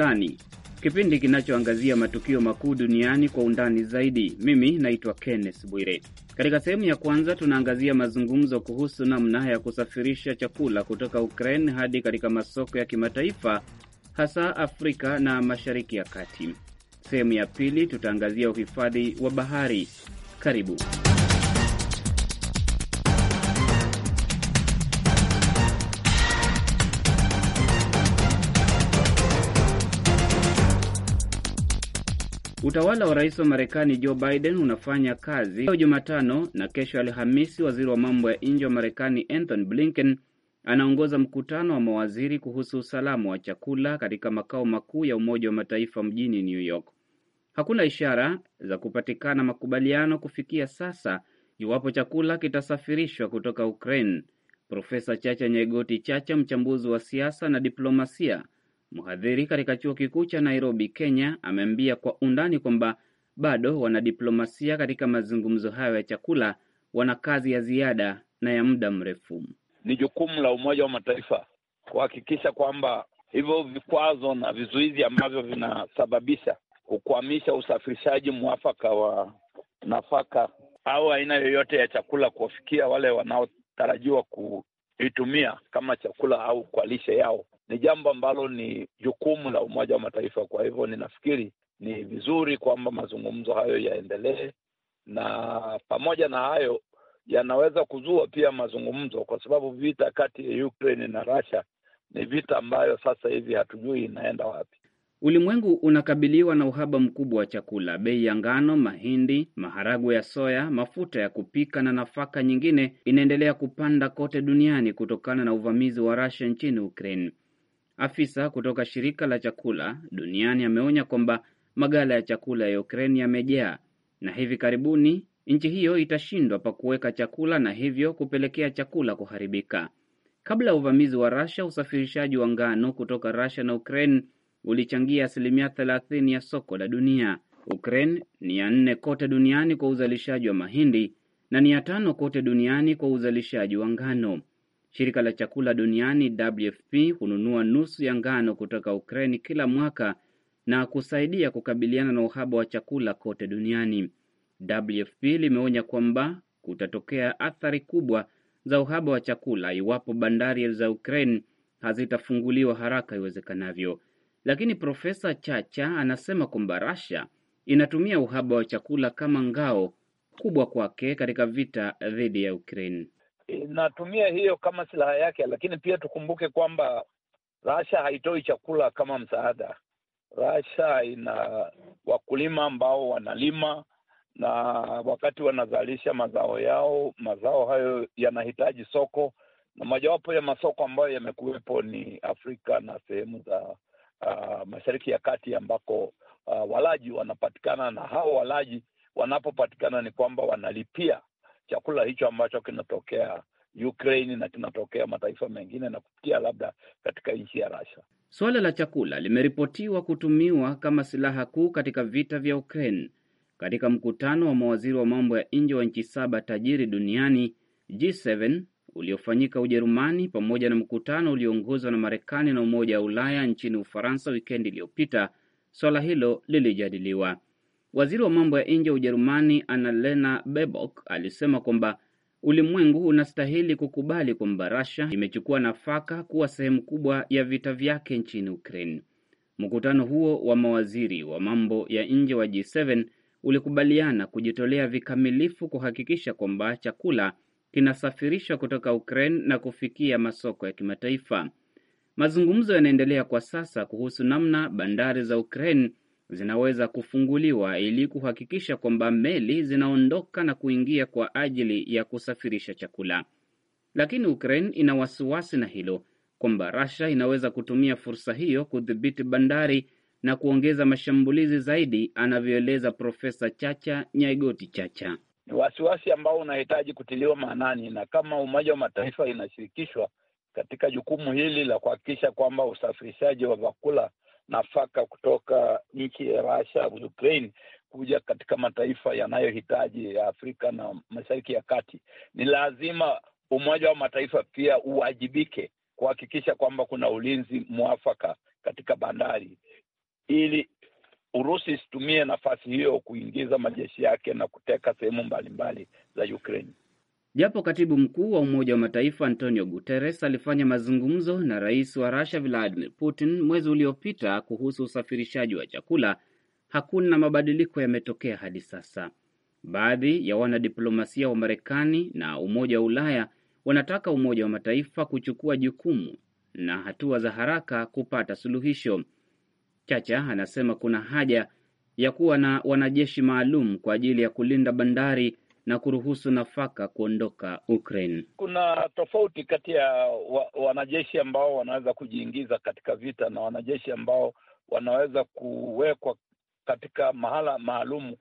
Undani, kipindi kinachoangazia matukio makuu duniani kwa undani zaidi. Mimi naitwa Kenneth Bwire. Katika sehemu ya kwanza, tunaangazia mazungumzo kuhusu namna ya kusafirisha chakula kutoka Ukraine hadi katika masoko ya kimataifa, hasa Afrika na Mashariki ya Kati. Sehemu ya pili, tutaangazia uhifadhi wa bahari. Karibu. Utawala wa rais wa Marekani Joe Biden unafanya kazi leo Jumatano na kesho Alhamisi. Waziri wa mambo ya nje wa Marekani Anthony Blinken anaongoza mkutano wa mawaziri kuhusu usalama wa chakula katika makao makuu ya Umoja wa Mataifa mjini New York. Hakuna ishara za kupatikana makubaliano kufikia sasa iwapo chakula kitasafirishwa kutoka Ukraine. Profesa Chacha Nyegoti Chacha, mchambuzi wa siasa na diplomasia Mhadhiri katika chuo kikuu cha Nairobi, Kenya, ameambia Kwa Undani kwamba bado wanadiplomasia katika mazungumzo hayo ya chakula wana kazi ya ziada na ya muda mrefu. Ni jukumu la Umoja wa Mataifa kuhakikisha kwamba hivyo vikwazo na vizuizi ambavyo vinasababisha kukwamisha usafirishaji mwafaka wa nafaka au aina yoyote ya chakula kuwafikia wale wanaotarajiwa kuitumia kama chakula au kwa lishe yao ni jambo ambalo ni jukumu la Umoja wa Mataifa. Kwa hivyo ninafikiri ni vizuri kwamba mazungumzo hayo yaendelee, na pamoja na hayo yanaweza kuzua pia mazungumzo, kwa sababu vita kati ya Ukraine na Russia ni vita ambayo sasa hivi hatujui inaenda wapi. Ulimwengu unakabiliwa na uhaba mkubwa wa chakula. Bei ya ngano, mahindi, maharagwe ya soya, mafuta ya kupika na nafaka nyingine inaendelea kupanda kote duniani kutokana na uvamizi wa Russia nchini Ukraine. Afisa kutoka shirika la chakula duniani ameonya kwamba magala ya chakula ya Ukraini yamejaa na hivi karibuni nchi hiyo itashindwa pa kuweka chakula na hivyo kupelekea chakula kuharibika. Kabla ya uvamizi wa Russia, usafirishaji wa ngano kutoka Russia na Ukraine ulichangia asilimia thelathini ya soko la dunia. Ukraine ni ya nne kote duniani kwa uzalishaji wa mahindi na ni ya tano kote duniani kwa uzalishaji wa ngano. Shirika la chakula duniani WFP hununua nusu ya ngano kutoka Ukraini kila mwaka na kusaidia kukabiliana na uhaba wa chakula kote duniani. WFP limeonya kwamba kutatokea athari kubwa za uhaba wa chakula iwapo bandari za Ukraine hazitafunguliwa haraka iwezekanavyo. Lakini Profesa Chacha anasema kwamba Russia inatumia uhaba wa chakula kama ngao kubwa kwake katika vita dhidi ya Ukraine inatumia hiyo kama silaha yake, lakini pia tukumbuke kwamba Russia haitoi chakula kama msaada. Russia ina wakulima ambao wanalima na wakati wanazalisha mazao yao, mazao hayo yanahitaji soko, na mojawapo ya masoko ambayo yamekuwepo ni Afrika na sehemu za uh, Mashariki ya Kati ambako uh, walaji wanapatikana, na hao walaji wanapopatikana ni kwamba wanalipia chakula hicho ambacho kinatokea Ukraine na kinatokea mataifa mengine na kupitia labda katika nchi ya Russia. Suala la chakula limeripotiwa kutumiwa kama silaha kuu katika vita vya Ukraine. Katika mkutano wa mawaziri wa mambo ya nje wa nchi saba tajiri duniani G7 uliofanyika Ujerumani, pamoja na mkutano ulioongozwa na Marekani na Umoja wa Ulaya nchini Ufaransa wikendi iliyopita, swala hilo lilijadiliwa. Waziri wa mambo ya nje wa Ujerumani Annalena Baerbock alisema kwamba ulimwengu unastahili kukubali kwamba Russia imechukua nafaka kuwa sehemu kubwa ya vita vyake nchini Ukraine. Mkutano huo wa mawaziri wa mambo ya nje wa G7 ulikubaliana kujitolea vikamilifu kuhakikisha kwamba chakula kinasafirishwa kutoka Ukraine na kufikia masoko ya kimataifa. Mazungumzo yanaendelea kwa sasa kuhusu namna bandari za Ukraine zinaweza kufunguliwa ili kuhakikisha kwamba meli zinaondoka na kuingia kwa ajili ya kusafirisha chakula. Lakini Ukraine ina wasiwasi na hilo kwamba Russia inaweza kutumia fursa hiyo kudhibiti bandari na kuongeza mashambulizi zaidi, anavyoeleza Profesa Chacha Nyaigoti Chacha. Ni wasiwasi ambao unahitaji kutiliwa maanani, na kama Umoja wa Mataifa inashirikishwa katika jukumu hili la kuhakikisha kwamba usafirishaji wa vyakula nafaka kutoka nchi ya Russia, Ukraine kuja katika mataifa yanayohitaji ya Afrika na Mashariki ya Kati, ni lazima Umoja wa Mataifa pia uwajibike kuhakikisha kwamba kuna ulinzi mwafaka katika bandari ili Urusi isitumie nafasi hiyo kuingiza majeshi yake na kuteka sehemu mbalimbali za Ukraine. Japo katibu mkuu wa Umoja wa Mataifa Antonio Guterres alifanya mazungumzo na rais wa Rusia Vladimir Putin mwezi uliopita kuhusu usafirishaji wa chakula, hakuna mabadiliko yametokea hadi sasa. Baadhi ya wanadiplomasia wa Marekani na Umoja wa Ulaya wanataka Umoja wa Mataifa kuchukua jukumu na hatua za haraka kupata suluhisho. Chacha anasema kuna haja ya kuwa na wanajeshi maalum kwa ajili ya kulinda bandari na kuruhusu nafaka kuondoka Ukraine. Kuna tofauti kati ya wa, wanajeshi ambao wanaweza kujiingiza katika vita na wanajeshi ambao wanaweza kuwekwa katika mahala maalum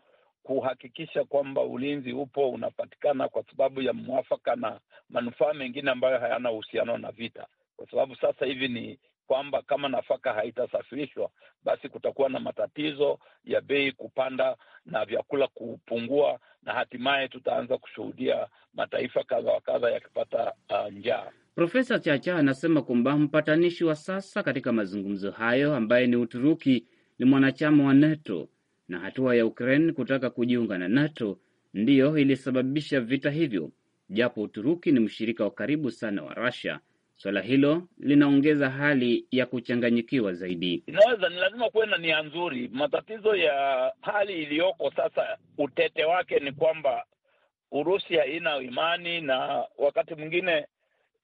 kuhakikisha kwamba ulinzi upo unapatikana kwa sababu ya mwafaka na manufaa mengine ambayo hayana uhusiano na vita, kwa sababu sasa hivi ni kwamba kama nafaka haitasafirishwa basi kutakuwa na matatizo ya bei kupanda na vyakula kupungua, na hatimaye tutaanza kushuhudia mataifa kadha wa kadha yakipata uh, njaa. Profesa Chacha anasema kwamba mpatanishi wa sasa katika mazungumzo hayo ambaye ni Uturuki ni mwanachama wa NATO na hatua ya Ukraine kutaka kujiunga na NATO ndiyo ilisababisha vita hivyo, japo Uturuki ni mshirika wa karibu sana wa Russia Swala hilo linaongeza hali ya kuchanganyikiwa zaidi. Inaweza ni lazima kuwe na nia nzuri. Matatizo ya hali iliyoko sasa, utete wake ni kwamba Urusi haina imani, na wakati mwingine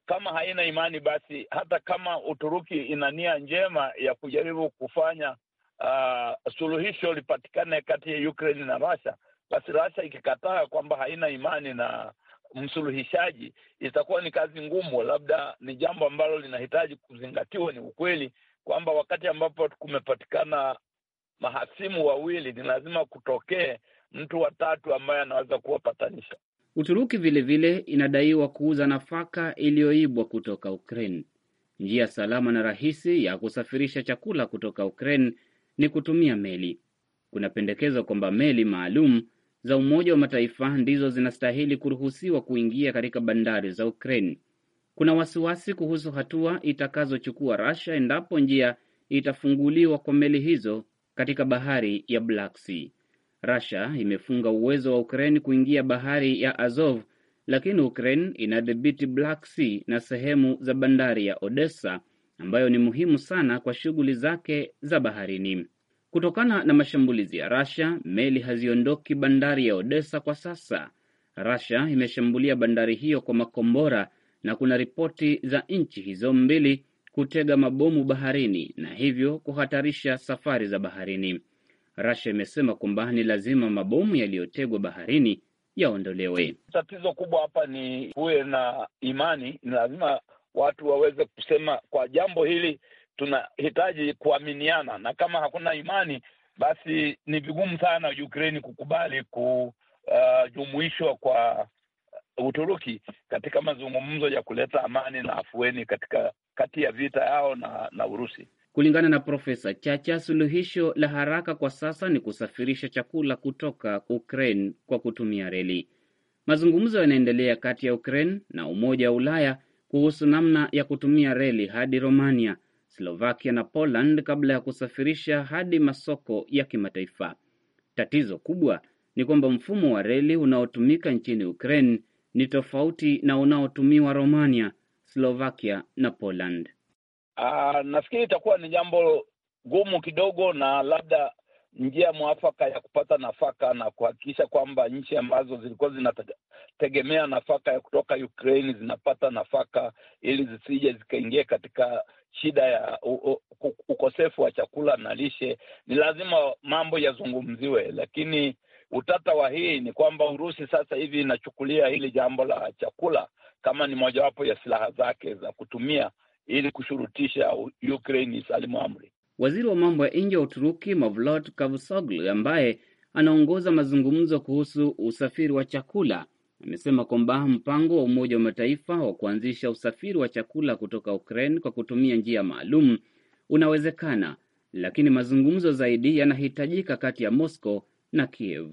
kama haina imani, basi hata kama Uturuki ina nia njema ya kujaribu kufanya uh, suluhisho lipatikane kati ya Ukraine na Russia, basi Russia ikikataa kwamba haina imani na msuluhishaji itakuwa ni kazi ngumu. Labda ni jambo ambalo linahitaji kuzingatiwa, ni ukweli kwamba wakati ambapo kumepatikana mahasimu wawili, ni lazima kutokee mtu watatu ambaye anaweza kuwapatanisha. Uturuki vilevile inadaiwa kuuza nafaka iliyoibwa kutoka Ukraine. Njia salama na rahisi ya kusafirisha chakula kutoka Ukraine ni kutumia meli. Kuna pendekezo kwamba meli maalum za Umoja wa Mataifa ndizo zinastahili kuruhusiwa kuingia katika bandari za Ukraine. Kuna wasiwasi kuhusu hatua itakazochukua Russia endapo njia itafunguliwa kwa meli hizo katika bahari ya Black Sea. Russia imefunga uwezo wa Ukraine kuingia bahari ya Azov, lakini Ukraine inadhibiti Black Sea na sehemu za bandari ya Odessa ambayo ni muhimu sana kwa shughuli zake za baharini. Kutokana na mashambulizi ya Russia, meli haziondoki bandari ya Odessa kwa sasa. Russia imeshambulia bandari hiyo kwa makombora na kuna ripoti za nchi hizo mbili kutega mabomu baharini na hivyo kuhatarisha safari za baharini. Russia imesema kwamba ni lazima mabomu yaliyotegwa baharini yaondolewe. Tatizo kubwa hapa ni kuwe na imani, ni lazima watu waweze kusema kwa jambo hili tunahitaji kuaminiana, na kama hakuna imani, basi ni vigumu sana Ukraine kukubali kujumuishwa uh, kwa Uturuki katika mazungumzo ya kuleta amani na afueni katika kati ya vita yao na, na Urusi. Kulingana na Profesa Chacha, suluhisho la haraka kwa sasa ni kusafirisha chakula kutoka Ukraine kwa kutumia reli. Mazungumzo yanaendelea kati ya Ukraine na Umoja wa Ulaya kuhusu namna ya kutumia reli hadi Romania Slovakia na Poland kabla ya kusafirisha hadi masoko ya kimataifa. Tatizo kubwa ni kwamba mfumo wa reli unaotumika nchini Ukraine ni tofauti na unaotumiwa Romania, Slovakia na Poland. Aa, ah, nafikiri itakuwa ni jambo gumu kidogo na labda njia mwafaka ya kupata nafaka na kuhakikisha kwamba nchi ambazo zilikuwa zinategemea nafaka ya kutoka Ukraine zinapata nafaka ili zisije zikaingia katika shida ya ukosefu wa chakula na lishe, ni lazima mambo yazungumziwe, lakini utata wa hii ni kwamba Urusi sasa hivi inachukulia hili jambo la chakula kama ni mojawapo ya silaha zake za kutumia ili kushurutisha Ukraine isalimu amri. Waziri wa mambo ya nje wa Uturuki Mevlut Cavusoglu ambaye anaongoza mazungumzo kuhusu usafiri wa chakula amesema kwamba mpango wa Umoja wa Mataifa wa kuanzisha usafiri wa chakula kutoka Ukraine kwa kutumia njia maalum unawezekana, lakini mazungumzo zaidi yanahitajika kati ya Moscow na Kiev.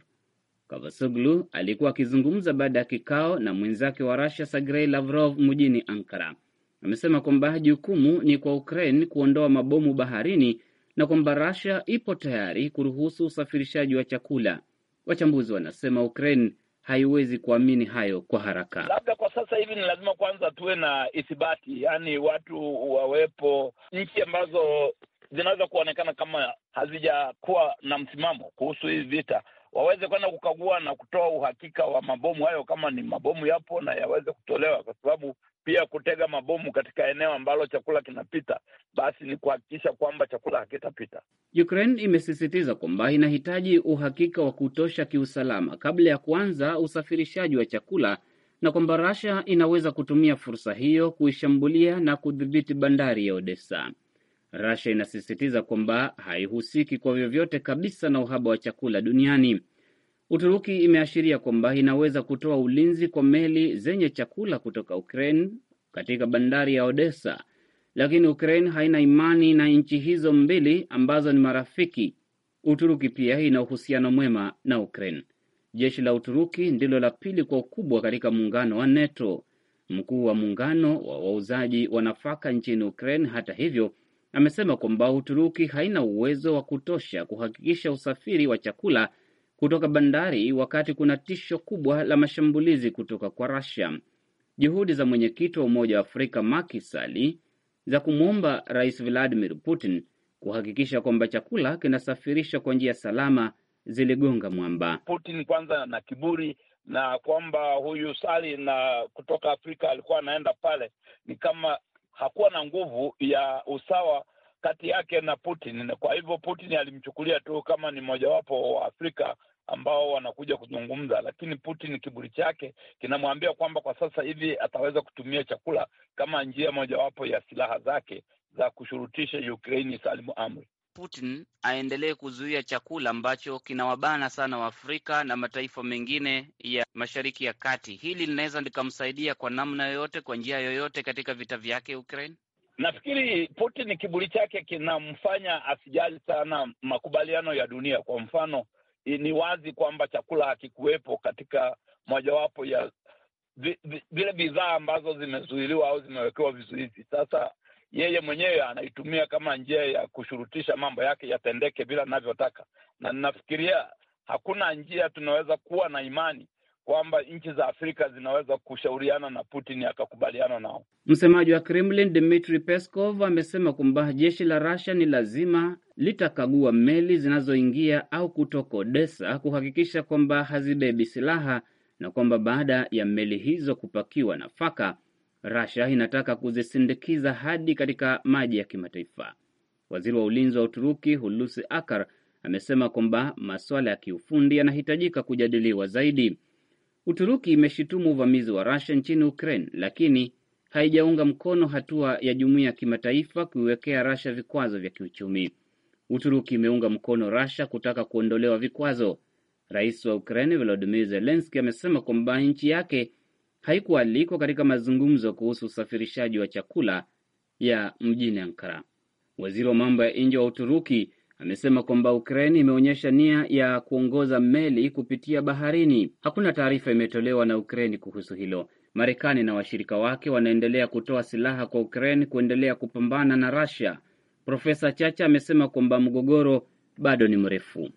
Kavasoglu alikuwa akizungumza baada ya kikao na mwenzake wa Russia Sergei Lavrov mjini Ankara. Amesema kwamba jukumu ni kwa Ukraine kuondoa mabomu baharini na kwamba Russia ipo tayari kuruhusu usafirishaji wa chakula. Wachambuzi wanasema Ukraine haiwezi kuamini hayo kwa haraka. Labda kwa sasa hivi ni lazima kwanza tuwe na ithibati, yaani watu wawepo, nchi ambazo zinaweza kuonekana kama hazijakuwa na msimamo kuhusu hii vita waweze kwenda kukagua na kutoa uhakika wa mabomu hayo, kama ni mabomu yapo na yaweze kutolewa, kwa sababu pia kutega mabomu katika eneo ambalo chakula kinapita, basi ni kuhakikisha kwamba chakula hakitapita. Ukraine imesisitiza kwamba inahitaji uhakika wa kutosha kiusalama kabla ya kuanza usafirishaji wa chakula na kwamba Russia inaweza kutumia fursa hiyo kuishambulia na kudhibiti bandari ya Odessa. Russia inasisitiza kwamba haihusiki kwa vyovyote kabisa na uhaba wa chakula duniani. Uturuki imeashiria kwamba inaweza kutoa ulinzi kwa meli zenye chakula kutoka Ukraine katika bandari ya Odessa, lakini Ukraine haina imani na nchi hizo mbili ambazo ni marafiki. Uturuki pia ina uhusiano mwema na Ukraine. Jeshi la Uturuki ndilo la pili kwa ukubwa katika muungano wa NATO. Mkuu wa muungano wa wauzaji wa nafaka nchini Ukraine, hata hivyo, amesema kwamba Uturuki haina uwezo wa kutosha kuhakikisha usafiri wa chakula kutoka bandari wakati kuna tisho kubwa la mashambulizi kutoka kwa Russia. Juhudi za mwenyekiti wa Umoja wa Afrika Macky Sall za kumwomba Rais Vladimir Putin kuhakikisha kwamba chakula kinasafirishwa kwa njia salama ziligonga mwamba. Putin kwanza na kiburi na kwamba huyu Sali na kutoka Afrika alikuwa anaenda pale ni kama hakuwa na nguvu ya usawa kati yake na Putin. Kwa hivyo Putin alimchukulia tu kama ni mojawapo wa Afrika ambao wanakuja kuzungumza, lakini Putin kiburi chake kinamwambia kwamba kwa sasa hivi ataweza kutumia chakula kama njia mojawapo ya silaha zake za kushurutisha Ukraine isalimu amri. Putin aendelee kuzuia chakula ambacho kinawabana sana Waafrika na mataifa mengine ya Mashariki ya Kati. Hili linaweza likamsaidia kwa namna yoyote, kwa njia yoyote katika vita vyake Ukraine. Nafikiri Putin kiburi chake kinamfanya asijali sana makubaliano ya dunia. Kwa mfano, ni wazi kwamba chakula hakikuwepo katika mojawapo ya vile bidhaa ambazo zimezuiliwa au zimewekewa vizuizi. Sasa yeye mwenyewe anaitumia kama njia ya kushurutisha mambo yake yatendeke bila anavyotaka, na ninafikiria hakuna njia tunaweza kuwa na imani kwamba nchi za Afrika zinaweza kushauriana na Putin akakubaliana nao. Msemaji wa Kremlin Dmitri Peskov amesema kwamba jeshi la Russia ni lazima litakagua meli zinazoingia au kutoka Odessa kuhakikisha kwamba hazibebi silaha na kwamba baada ya meli hizo kupakiwa nafaka Russia inataka kuzisindikiza hadi katika maji ya kimataifa. Waziri wa ulinzi wa Uturuki Hulusi Akar amesema kwamba masuala ya kiufundi yanahitajika kujadiliwa zaidi. Uturuki imeshitumu uvamizi wa Russia nchini Ukraine, lakini haijaunga mkono hatua ya jumuiya ya kimataifa kuiwekea rasha vikwazo vya kiuchumi. Uturuki imeunga mkono rasha kutaka kuondolewa vikwazo. Rais wa Ukraine volodimir zelenski amesema kwamba nchi yake haikualikwa katika mazungumzo kuhusu usafirishaji wa chakula ya mjini Ankara. Waziri wa mambo ya nje wa Uturuki amesema kwamba Ukraini imeonyesha nia ya kuongoza meli kupitia baharini. Hakuna taarifa imetolewa na Ukraini kuhusu hilo. Marekani na washirika wake wanaendelea kutoa silaha kwa ukrain kuendelea kupambana na Russia. Profesa Chacha amesema kwamba mgogoro bado ni mrefu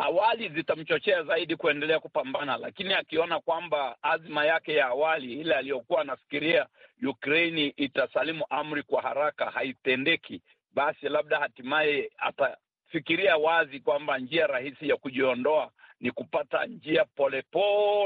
awali zitamchochea zaidi kuendelea kupambana, lakini akiona kwamba azma yake ya awali ile aliyokuwa anafikiria Ukraini itasalimu amri kwa haraka haitendeki, basi labda hatimaye atafikiria wazi kwamba njia rahisi ya kujiondoa ni kupata njia polepole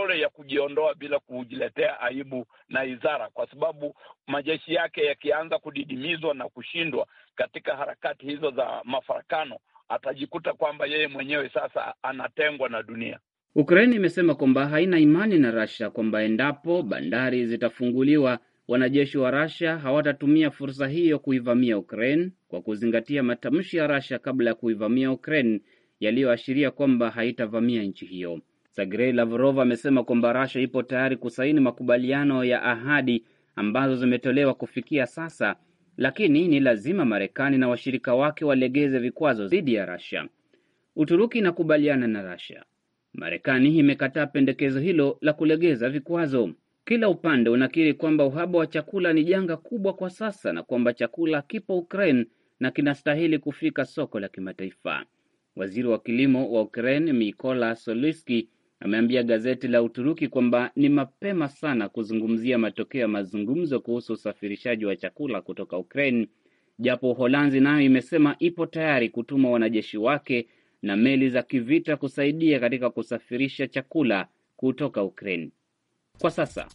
pole ya kujiondoa bila kujiletea aibu na idhara, kwa sababu majeshi yake yakianza kudidimizwa na kushindwa katika harakati hizo za mafarakano, atajikuta kwamba yeye mwenyewe sasa anatengwa na dunia. Ukraini imesema kwamba haina imani na Russia, kwamba endapo bandari zitafunguliwa wanajeshi wa Russia hawatatumia fursa hiyo kuivamia Ukraine, kwa kuzingatia matamshi ya Russia kabla ya kuivamia Ukraine yaliyoashiria kwamba haitavamia nchi hiyo. Sergei Lavrov amesema kwamba Russia ipo tayari kusaini makubaliano ya ahadi ambazo zimetolewa kufikia sasa lakini ni lazima Marekani na washirika wake walegeze vikwazo dhidi ya rasia Uturuki inakubaliana na rasia Marekani imekataa pendekezo hilo la kulegeza vikwazo. Kila upande unakiri kwamba uhaba wa chakula ni janga kubwa kwa sasa na kwamba chakula kipo Ukraine na kinastahili kufika soko la kimataifa. Waziri wa kilimo wa Ukraine Mikola Soliski ameambia gazeti la Uturuki kwamba ni mapema sana kuzungumzia matokeo ya mazungumzo kuhusu usafirishaji wa chakula kutoka Ukraine, japo Uholanzi nayo imesema ipo tayari kutuma wanajeshi wake na meli za kivita kusaidia katika kusafirisha chakula kutoka Ukraine. Kwa sasa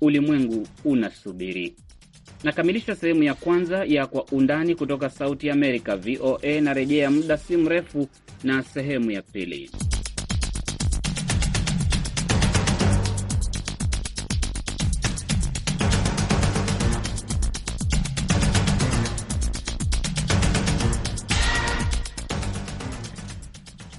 ulimwengu unasubiri. Nakamilisha sehemu ya kwanza ya Kwa Undani kutoka Sauti Amerika, VOA. Narejea muda si mrefu na sehemu ya pili.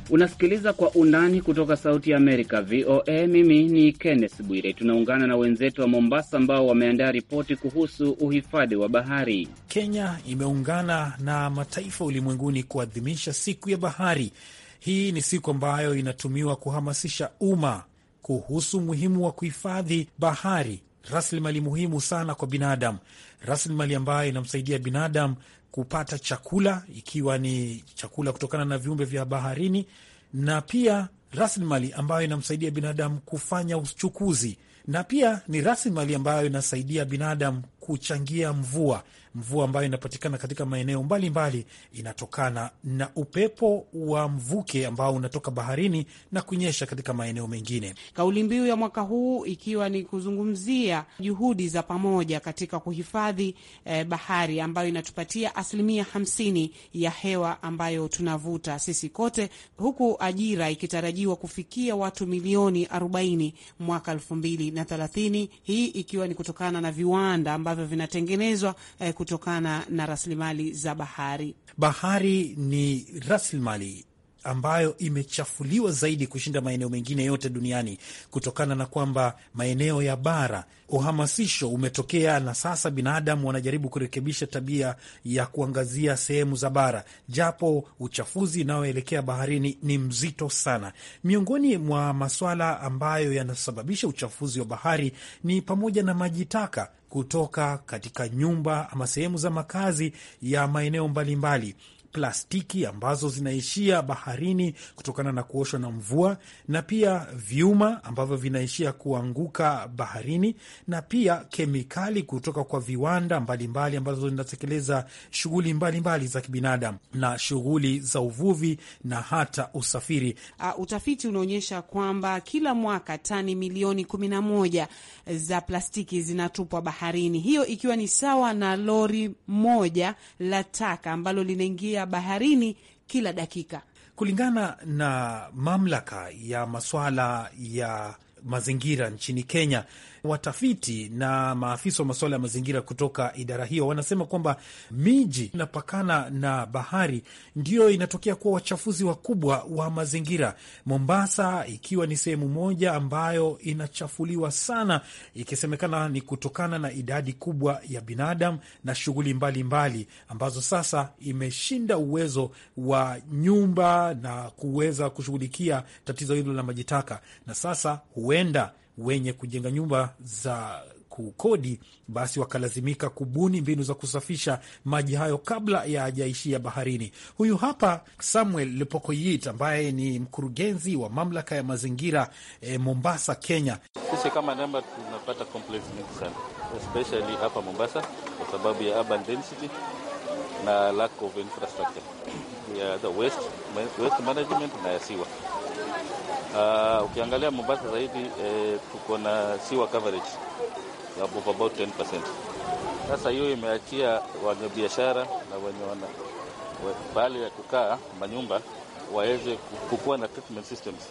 Unasikiliza kwa undani kutoka Sauti ya Amerika, VOA. Mimi ni Kenneth Bwire. Tunaungana na wenzetu wa Mombasa ambao wameandaa ripoti kuhusu uhifadhi wa bahari. Kenya imeungana na mataifa ulimwenguni kuadhimisha siku ya bahari. Hii ni siku ambayo inatumiwa kuhamasisha umma kuhusu umuhimu wa kuhifadhi bahari, rasilimali muhimu sana kwa binadamu rasilimali ambayo inamsaidia binadamu kupata chakula, ikiwa ni chakula kutokana na viumbe vya baharini, na pia rasilimali ambayo inamsaidia binadamu kufanya uchukuzi, na pia ni rasilimali ambayo inasaidia binadamu kuchangia mvua Mvua ambayo inapatikana katika maeneo mbalimbali inatokana na upepo wa mvuke ambao unatoka baharini na kunyesha katika maeneo mengine. Kauli mbiu ya mwaka huu ikiwa ni kuzungumzia juhudi za pamoja katika kuhifadhi eh, bahari ambayo inatupatia asilimia hamsini ya hewa ambayo tunavuta sisi kote, huku ajira ikitarajiwa kufikia watu milioni arobaini mwaka 2030, hii ikiwa ni kutokana na viwanda ambavyo vinatengenezwa eh, kutokana na rasilimali za bahari. Bahari ni rasilimali ambayo imechafuliwa zaidi kushinda maeneo mengine yote duniani kutokana na kwamba maeneo ya bara uhamasisho umetokea, na sasa binadamu wanajaribu kurekebisha tabia ya kuangazia sehemu za bara, japo uchafuzi unaoelekea baharini ni mzito sana. Miongoni mwa maswala ambayo yanasababisha uchafuzi wa bahari ni pamoja na maji taka kutoka katika nyumba ama sehemu za makazi ya maeneo mbalimbali mbali plastiki ambazo zinaishia baharini kutokana na kuoshwa na mvua, na pia vyuma ambavyo vinaishia kuanguka baharini, na pia kemikali kutoka kwa viwanda mbalimbali mbali ambazo zinatekeleza shughuli mbalimbali za kibinadamu na shughuli za uvuvi na hata usafiri. Uh, utafiti unaonyesha kwamba kila mwaka tani milioni moja za plastiki zinatupwa baharini, hiyo ikiwa ni sawa na lori moja la taka ambalo linaingia baharini kila dakika. Kulingana na mamlaka ya masuala ya mazingira nchini Kenya. Watafiti na maafisa wa masuala ya mazingira kutoka idara hiyo wanasema kwamba miji inapakana na bahari ndiyo inatokea kuwa wachafuzi wakubwa wa mazingira, Mombasa ikiwa ni sehemu moja ambayo inachafuliwa sana, ikisemekana ni kutokana na idadi kubwa ya binadamu na shughuli mbalimbali ambazo sasa imeshinda uwezo wa nyumba na kuweza kushughulikia tatizo hilo la majitaka, na sasa huenda wenye kujenga nyumba za kukodi basi wakalazimika kubuni mbinu za kusafisha maji hayo kabla ya hajaishia baharini. Huyu hapa Samuel Lepokoyit ambaye ni mkurugenzi wa mamlaka ya mazingira e, Mombasa, Kenya. Sisi kama namba tunapata complaints nyingi sana especially hapa Mombasa kwa sababu ya urban density na lack of infrastructure ya the waste, waste management na yasiwa Uh, ukiangalia Mombasa zaidi eh, tuko na siwa coverage of about 10%. Sasa hiyo imeachia wenye biashara na wenye wana bali ya kukaa manyumba waweze kukuwa na treatment systems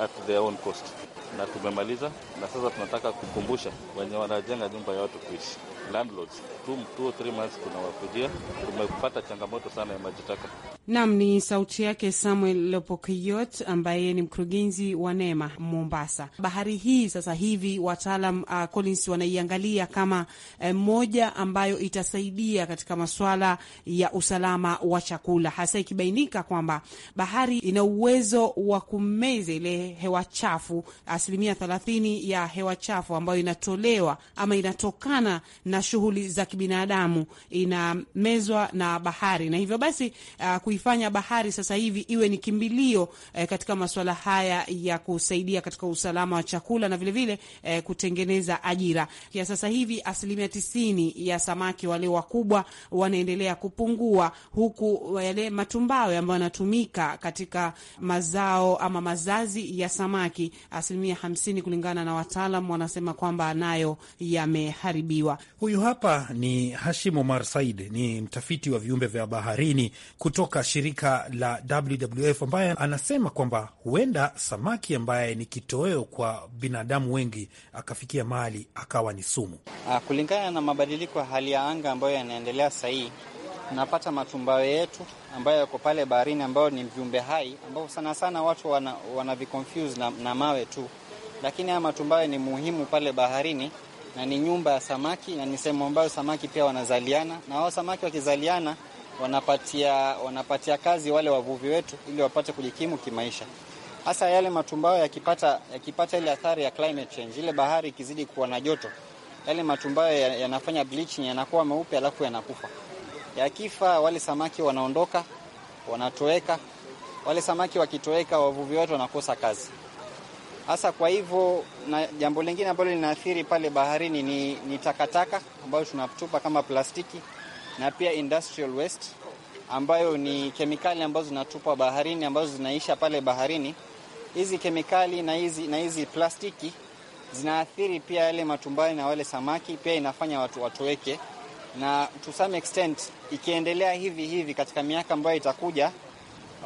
at their own cost na tumemaliza, na sasa tunataka kukumbusha wenye wanajenga nyumba ya watu kuishi landlords, two, two, three months tunawakujia. Tumepata changamoto sana ya majitaka. Nam ni sauti yake Samuel Lopokiyot ambaye ni mkurugenzi wa NEMA Mombasa. Bahari hii sasa hivi wataalam uh, Collins wanaiangalia kama eh, moja ambayo itasaidia katika masuala ya usalama wa chakula, hasa ikibainika kwamba bahari ina uwezo wa kumeza ile hewa chafu as uh, asilimia thelathini ya hewa chafu ambayo inatolewa ama inatokana na shughuli za kibinadamu inamezwa na bahari, na hivyo basi uh, kuifanya bahari sasa hivi iwe ni kimbilio uh, katika masuala haya ya kusaidia katika usalama wa chakula na vilevile vile, uh, kutengeneza ajira. Ya sasa hivi asilimia tisini ya samaki wale wakubwa wanaendelea kupungua, huku yale matumbawe ambayo yanatumika katika mazao ama mazazi ya samaki asilimia asilimia hamsini kulingana na wataalam wanasema kwamba nayo yameharibiwa. Huyu hapa ni Hashim Omar Said, ni mtafiti wa viumbe vya baharini kutoka shirika la WWF ambaye anasema kwamba huenda samaki ambaye ni kitoweo kwa binadamu wengi akafikia mahali akawa ni sumu. Ah, kulingana na mabadiliko ya hali ya anga ambayo yanaendelea sahii, tunapata matumbawe yetu ambayo yako pale baharini, ambayo ni viumbe hai ambao sana sana watu wana, wana na, na mawe tu lakini haya matumbawe ni muhimu pale baharini na ni nyumba ya samaki na ni sehemu ambayo samaki pia wanazaliana, na wao samaki wakizaliana wanapatia, wanapatia kazi wale wavuvi wetu ili wapate kujikimu kimaisha. Hasa yale matumbawe yakipata, yakipata ile athari ya climate change, ile bahari ikizidi kuwa na joto, yale matumbawe yanafanya bleaching, yanakuwa meupe alafu yanakufa. Yakifa wale samaki wanaondoka, wanatoweka. Wale samaki wakitoweka, wavuvi wetu wanakosa kazi hasa. Kwa hivyo, na jambo lingine ambalo linaathiri pale baharini ni, ni takataka ambayo tunatupa kama plastiki na pia industrial waste ambayo ni kemikali ambazo zinatupwa baharini ambazo zinaisha pale baharini. Hizi kemikali na hizi na hizi plastiki zinaathiri pia yale matumbani na wale samaki, pia inafanya watu watoweke, na to some extent ikiendelea hivi hivi katika miaka ambayo itakuja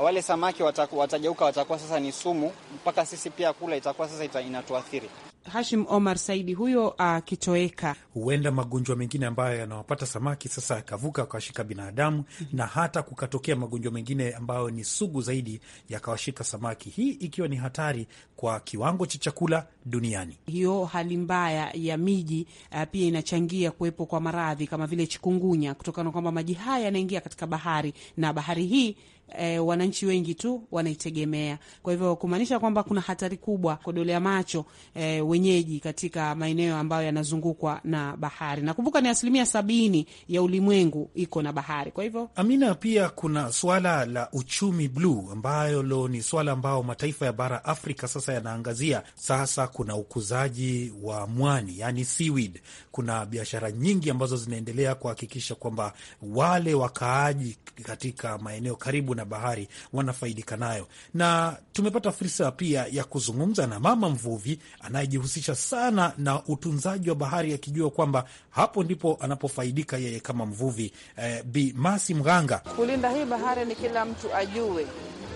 wale samaki watajeuka watageuka watakuwa sasa ni sumu mpaka sisi pia kula itakuwa sasa ita, inatuathiri. Hashim Omar Saidi huyo akitoweka, uh, huenda magonjwa mengine ambayo yanawapata samaki sasa yakavuka akawashika binadamu na hata kukatokea magonjwa mengine ambayo ni sugu zaidi yakawashika samaki, hii ikiwa ni hatari kwa kiwango cha chakula duniani. Hiyo hali mbaya ya miji uh, pia inachangia kuwepo kwa maradhi kama vile chikungunya, kutokana kwamba maji haya yanaingia katika bahari na bahari hii E, wananchi wengi tu wanaitegemea. Kwa hivyo kumaanisha kwamba kuna hatari kubwa kodolea macho e, wenyeji katika maeneo ambayo yanazungukwa na bahari. Nakumbuka ni asilimia sabini ya ulimwengu iko na bahari. Kwa hivyo, Amina, pia kuna swala la uchumi bluu ambalo ni swala ambao mataifa ya bara Afrika sasa yanaangazia. Sasa kuna ukuzaji wa mwani, yani seaweed. Kuna biashara nyingi ambazo zinaendelea kuhakikisha kwamba wale wakaaji katika maeneo karibu na bahari wanafaidika nayo, na tumepata fursa pia ya kuzungumza na mama mvuvi anayejihusisha sana na utunzaji wa bahari, akijua kwamba hapo ndipo anapofaidika yeye kama mvuvi. Eh, Bi Masi Mganga, kulinda hii bahari ni kila mtu ajue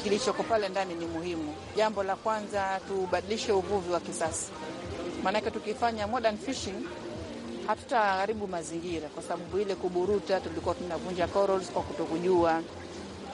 kilichoko pale ndani ni muhimu. Jambo la kwanza tubadilishe uvuvi wa kisasa, maanake tukifanya modern fishing hatutaharibu mazingira, kwa sababu ile kuburuta tulikuwa tunavunja corals kwa kutokujua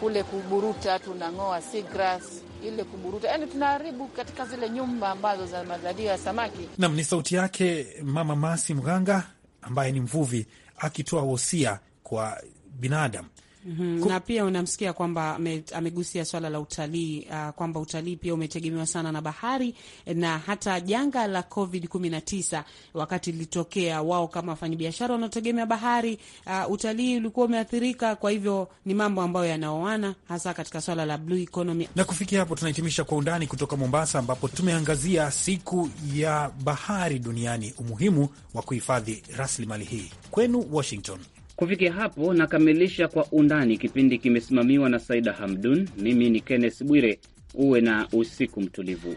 kule kuburuta, tunang'oa seagrass ile kuburuta, yani tunaharibu katika zile nyumba ambazo za mazalia ya samaki. Nam ni sauti yake Mama Masi Mganga ambaye ni mvuvi akitoa wosia kwa binadamu Mm -hmm. Na pia unamsikia kwamba amegusia swala la utalii uh, kwamba utalii pia umetegemewa sana na bahari na hata janga la COVID 19 wakati lilitokea, wao kama wafanyabiashara wanaotegemea bahari uh, utalii ulikuwa umeathirika. Kwa hivyo ni mambo ambayo yanaoana hasa katika swala la blue economy. Na kufikia hapo tunahitimisha Kwa Undani kutoka Mombasa, ambapo tumeangazia siku ya bahari duniani, umuhimu wa kuhifadhi rasilimali hii. Kwenu Washington. Kufikia hapo nakamilisha Kwa Undani. Kipindi kimesimamiwa na Saida Hamdun. Mimi ni Kenneth Bwire. Uwe na usiku mtulivu.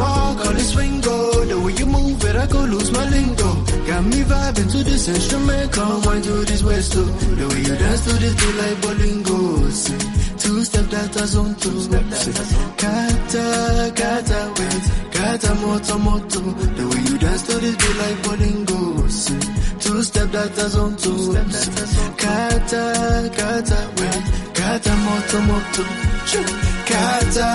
more, call it swingo. The way you move it, I go lose my lingo. Got me vibing to this instrument, come wind to this whistle. The way you dance to this beat like bolingo. Two step that I zone to Kata, kata, wait, kata, moto, moto. The way you dance to this beat like bolingo. Two step that I zone to Kata, kata, wait. Kata moto moto, kata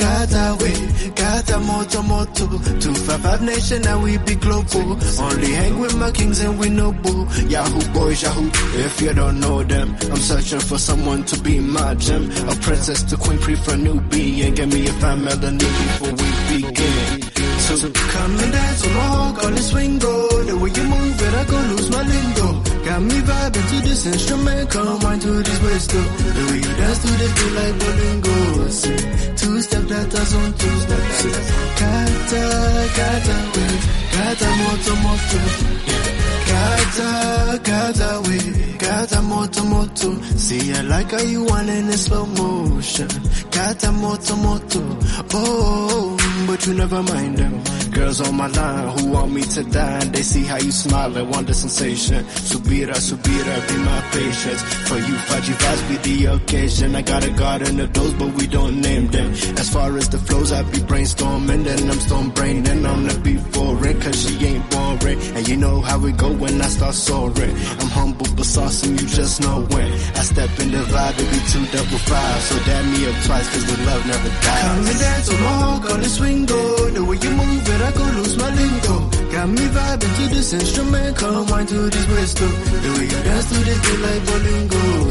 kata we, kata moto moto. Two five five nation now we be global. Only hang with my kings and we bull. Yahoo boys, Yahoo. If you don't know them, I'm searching for someone to be my gem. A princess to queen, pre for new And Give me a fine melody before we begin. So come and dance along, on the swing go. The way you move it, I go lose my lingo. Got me vibing to this come mine to this whistle. The way you dance to this beat like Bolingo. Two step that doesn't two step. Kata, kata, wait, kata moto moto. Kata, kata, wait, kata moto moto. See, I like how you want in slow motion. Kata moto moto, oh. oh, oh but you never mind them. Girls on my line who want me to die. They see how you smile and want the sensation. Subira, subira, be my patience. For you, Faji vibes be the occasion. I got a garden of those, but we don't name them. As far as the flows, I be brainstorming. Then I'm storm brain. Then I'm the beat for it, cause she ain't boring. And you know how it go when I start soaring. I'm humble but saucy, you just know when. I step in the vibe, it be two double five. So damn me up twice, cause the love never dies. Come and dance along gonna swing lingo. The way you move it, I could lose my lingo. Got me vibing to this come wine to this whistle. The way you dance to this beat like Bolingo.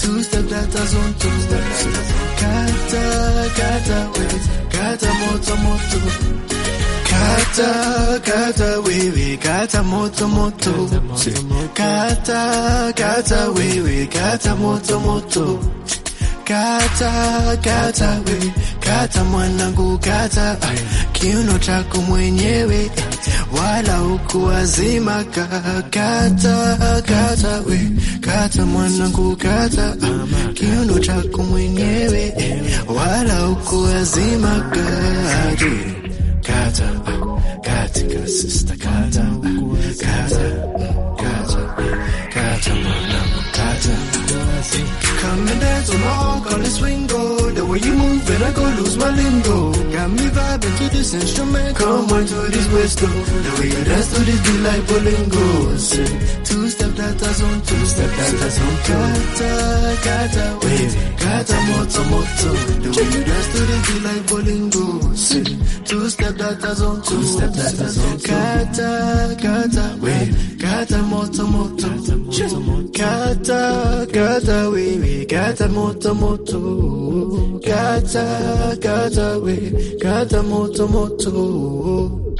two step that I zone, two steps. kata, kata, wait, kata, moto, moto. Kata, kata, wewe, kata, moto, moto. See, kata, kata, wewe, kata, moto, moto. Kata, kata we, kata mwanangu, kata ah, kiuno chako mwenyewe, wala ukuwazima. Kata, kata we, kata mwanangu, kata kiuno chako mwenyewe, wala ukuwazima. Kata, kata, katika sista, kata, kata, kata, kata mwanangu, kata Come and dance and walk on swing go. The way you move and I go lose my lingo. Got me vibing to this instrument. Come on to this whistle. The way you dance to this beat like bolingo. Sing two step that does on two step that does on. Kata kata wave. Kata moto moto. The way you dance to this beat like bolingo. Sing two step that does on two step that that's on. Kata kata wave kata moto moto kata kata wewe kata moto moto kata kata we, kata moto moto